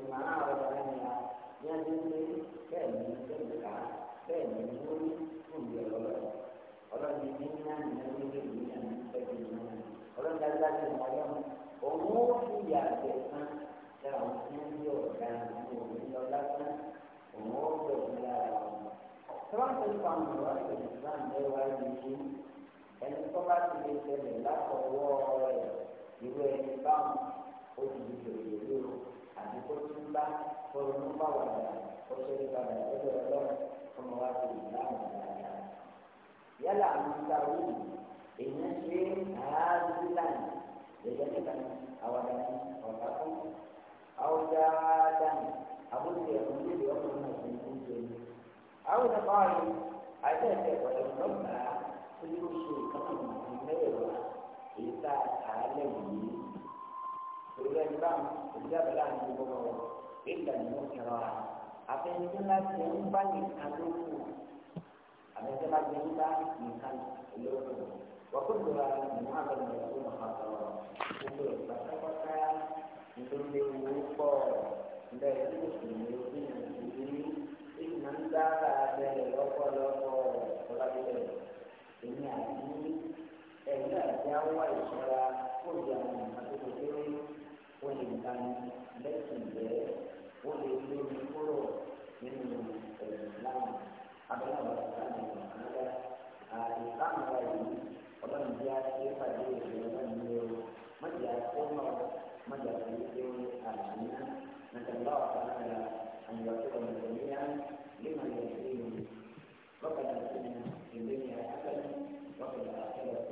kuma a wata hanya ya ji ne bẹ́ẹ̀ ni sẹ́yìnká bẹ́ẹ̀ ni lórí fún ìyá ọlọ́run ọlọ́run ní náà ní ẹni lè ní ẹni pẹ̀lú ìlú náà ọlọ́run dájúdájú ní ọlọ́run òun ó fi ìyá àgbẹ̀ tán ṣe àwọn tí ń yọ ọ̀gá ìlú òun lọ lásán òun ó bẹ̀rù lára wọn. sọ́wọ́n tó ń pa àwọn ọ̀rọ̀ àti ìsìlámù ẹ̀ wáyé ní ẹni tó bá ti lè ṣẹlẹ̀ látọwọ́ rẹ̀ irú ẹni báwọn ó ti di gbèrè lóru àti kó tí ń bá fọlọ́nù bá wà dà ó ṣe ní padà lọ́dọ̀ ọlọ́run tó mọ wá sí ìlànà ìlànà. yálà àwọn sáré èèyàn ṣe àádúgbò lánàá lẹ́yìn nípa àwàdà ní ọ̀gá fún àwùjá dání àbúrò ẹ̀kọ́ níbi ọkùnrin náà ti ń kú jẹun. àwọn ìdàpọ̀ àyè àti ẹ̀sẹ̀ ọ̀rẹ́ ọ̀gbọ̀n náà tí ó ṣe nǹkan mẹ́wàá èyí tá a kà á lẹ́yìn yìí lórí ẹni bá òjì àbẹ̀là ń gbọ́ wọn ìgbà ni wọ́n ti rọra àfẹnusẹ́ láti ẹni bá nìkan ló kù àfẹnusẹ́ láti ẹni bá nìkan ló kù wàkúndùn ra ìmọ̀ àbẹ̀lẹ̀ tó ń fa sọ̀rọ̀ gbogbo ìgbà pátápátá ìdílé wo pọ̀ bẹ́ẹ̀ ní ìsinmi òfin ìdílé ìgbà ń dára bẹ́ẹ̀ lọ́pọ̀lọpọ̀ ọ̀làbílẹ̀ èmi àti ẹgbẹ́ àti àwọn ìṣọ́ra fún ìyá àwọn ìmọ̀tò kékeré ó lè ta ní lẹ́sìn jẹ́ ó lè lé ní kúrò nínú ẹ̀sìn láwọn abẹ́lẹ́ àwọn ìṣọ́ra ní ìmọ̀tò àìsàn wa yìí ọlọ́run bí a ṣe pàdé ìṣòro náà ní o mọ̀jà tó mọ̀ mọ̀jà tó yẹ kí ó àṣìyàn nàtàlá ọ̀tá náà àyọ̀ tó kọ̀ nàìjíríà lè máa yẹ kí ó في الآخرة